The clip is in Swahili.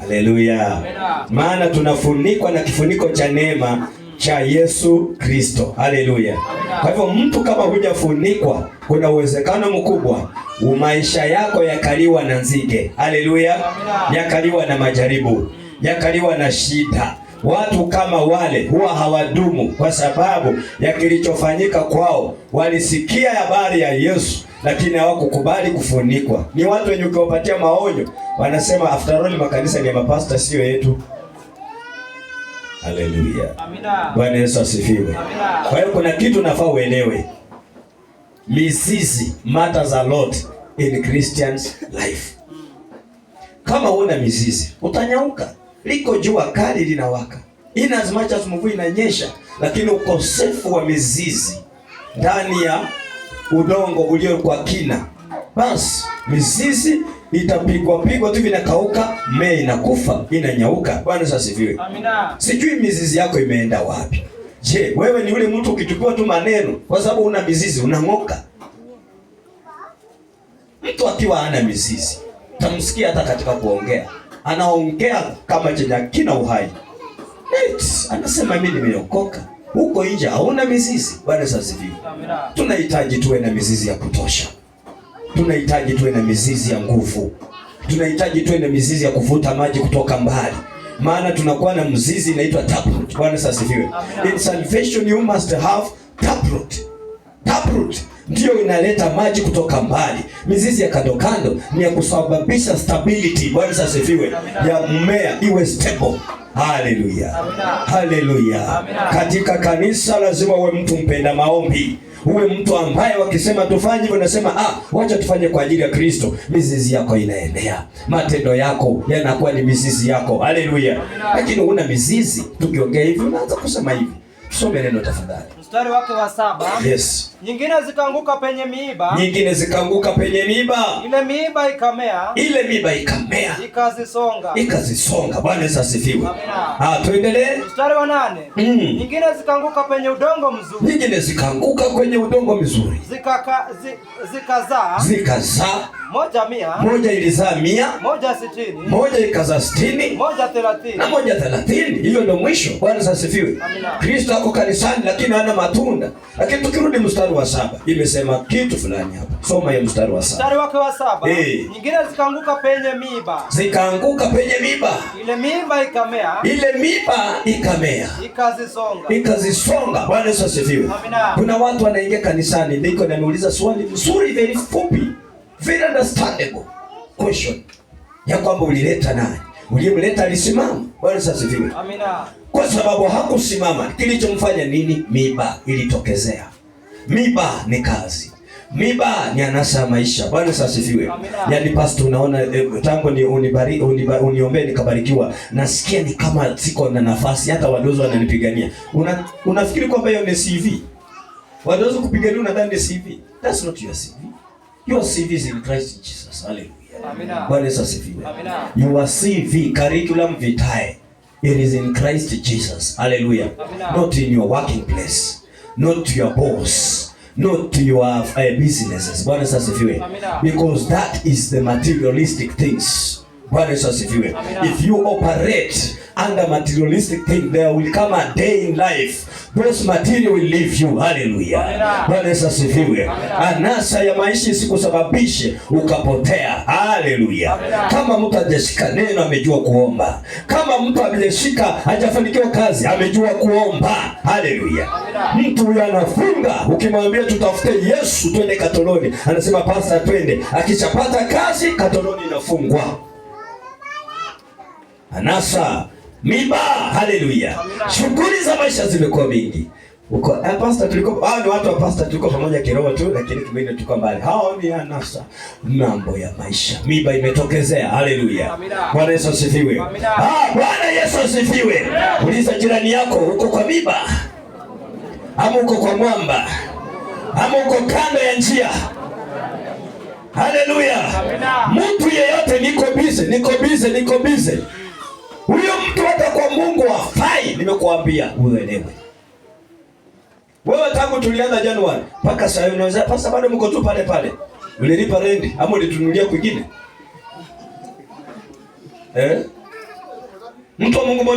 Haleluya! Maana tunafunikwa na kifuniko cha neema cha Yesu Kristo. Haleluya! Kwa hivyo mtu kama hujafunikwa, kuna uwezekano mkubwa maisha yako yakaliwa na nzige. Haleluya! yakaliwa na majaribu, yakaliwa na shida. Watu kama wale huwa hawadumu, kwa sababu ya kilichofanyika kwao. Walisikia habari ya Yesu lakini hawakukubali kufunikwa. Ni watu wenye ukiwapatia maonyo wanasema after all makanisa ni ya mapasta, sio yetu. Haleluya, Bwana Yesu asifiwe. Kwa hiyo kuna kitu nafaa uelewe, mizizi matters a lot in Christians life. Kama una mizizi utanyauka, liko jua kali linawaka, in as much as mvua inanyesha, lakini ukosefu wa mizizi ndani ya udongo ulio kwa kina, basi mizizi itapigwa pigwa tu, vinakauka, mmea inakufa, inanyauka. Bwana asifiwe. Amina. Sijui mizizi yako imeenda wapi. Je, wewe ni yule mtu ukichukua tu maneno kwa sababu una mizizi unang'oka? Mtu akiwa ana mizizi tamsikia hata katika kuongea, anaongea kama chenye kina uhai. Anasema mimi nimeokoka huko nje hauna mizizi. Bwana asifiwe. Tunahitaji tuwe na mizizi ya kutosha, tunahitaji tuwe na mizizi ya nguvu, tunahitaji tuwe na mizizi ya kuvuta maji kutoka mbali, maana tunakuwa na mzizi inaitwa taproot. Bwana asifiwe. In salvation you must have taproot. Taproot ndiyo inaleta maji kutoka mbali. Mizizi ya kando kando ni ya kusababisha stability, Bwana asifiwe, ya mmea iwe stable. Haleluya, haleluya. Katika kanisa lazima uwe mtu mpenda maombi uwe mtu ambaye wakisema tufanye hivyo, ah, wacha tufanye kwa ajili ya Kristo. Mizizi yako inaenea, matendo yako yanakuwa ni mizizi yako. Haleluya! Lakini una mizizi, tukiongea hivi unaanza kusema hivi. Tusome neno tafadhali, mstari wake wa saba. Yes nyingine zikaanguka penye miiba, nyingine zikaanguka penye miiba, ile miiba ikamea, ile miiba ikamea ikazisonga, ikazisonga. Bwana Yesu asifiwe. Ah, tuendelee mstari wa nane. Mm. Nyingine zikaanguka penye udongo mzuri, nyingine zikaanguka kwenye udongo mzuri, zikaka zikazaa, zikazaa moja mia, moja ilizaa mia, moja sitini, moja ikazaa sitini, moja thelathini na moja thelathini. Hiyo ndio mwisho. Bwana Yesu asifiwe. Kristo ako kanisani, lakini hana matunda. Lakini tukirudi mstari mstari wa saba imesema kitu fulani hapa. Soma hiyo mstari wa saba. Mstari wake wa saba. Eh. Nyingine zikaanguka penye miba. Zikaanguka penye miba. Ile miba ikamea. Ile miba ikamea. Ikazisonga. Ikazisonga. Bwana Yesu asifiwe. Amina. Kuna watu wanaingia kanisani ndiko naniuliza swali nzuri, very fupi. Very understandable question. Ya kwamba ulileta nani? Uliyemleta alisimama. Bwana Yesu asifiwe. Amina. Kwa sababu hakusimama, kilichomfanya nini? Miba ilitokezea. Miba ni kazi, miba ni anasa ya maisha. Bwana asifiwe. Yaani pastor, unaona eh, tangu ni unibari uniombee nikabarikiwa, nasikia ni kama siko na nafasi, hata wadozo wananipigania. Una, unafikiri kwamba hiyo ni CV? Wadozo kupigania unadhani ni CV? That's not your CV. Your CV is in Christ Jesus. Hallelujah. Amina. Bwana asifiwe. Amina. Your CV curriculum vitae. It is in Christ Jesus. Hallelujah. Not in your working place not your boss, not your uh, businesses. Bwana asifiwe. Because that is the materialistic things. Bwana asifiwe. If you operate under materialistic thing, there will come a day in life those material will leave you. Haleluya, Bwana Yesu asifiwe. Anasa ya maisha isikusababishe ukapotea. Haleluya. Kama mtu hajashika neno, amejua kuomba. Kama mtu hajashika, hajafanikiwa kazi, amejua kuomba. Haleluya. Mtu huyo anafunga, ukimwambia tutafute Yesu twende katoloni, anasema pasta, twende. Akishapata kazi katoloni inafungwa. Anasa Mimba, haleluya. Shughuli za maisha zimekuwa mingi. Uko eh, pasta tuliko ah, ni watu wa pasta tuliko pamoja kiroho tu lakini kimwili tuko mbali. Hao ni anasa mambo ya maisha. Mimba imetokezea. Haleluya. Bwana Yesu asifiwe. Ah, Bwana Yesu asifiwe. Uliza jirani yako uko kwa mimba. Ama uko kwa mwamba. Ama uko kando ya njia. Haleluya. Mtu yeyote niko bize, niko bize, niko bize huyo mtu hata kwa Mungu hafai, nimekuambia uelewe. Wewe tangu tulianza Januari mpaka sasa unaweza pasa bado mko tu pale pale. Ulilipa rendi ama ulitunulia kwingine? Eh? Mtu wa Mungu mwenye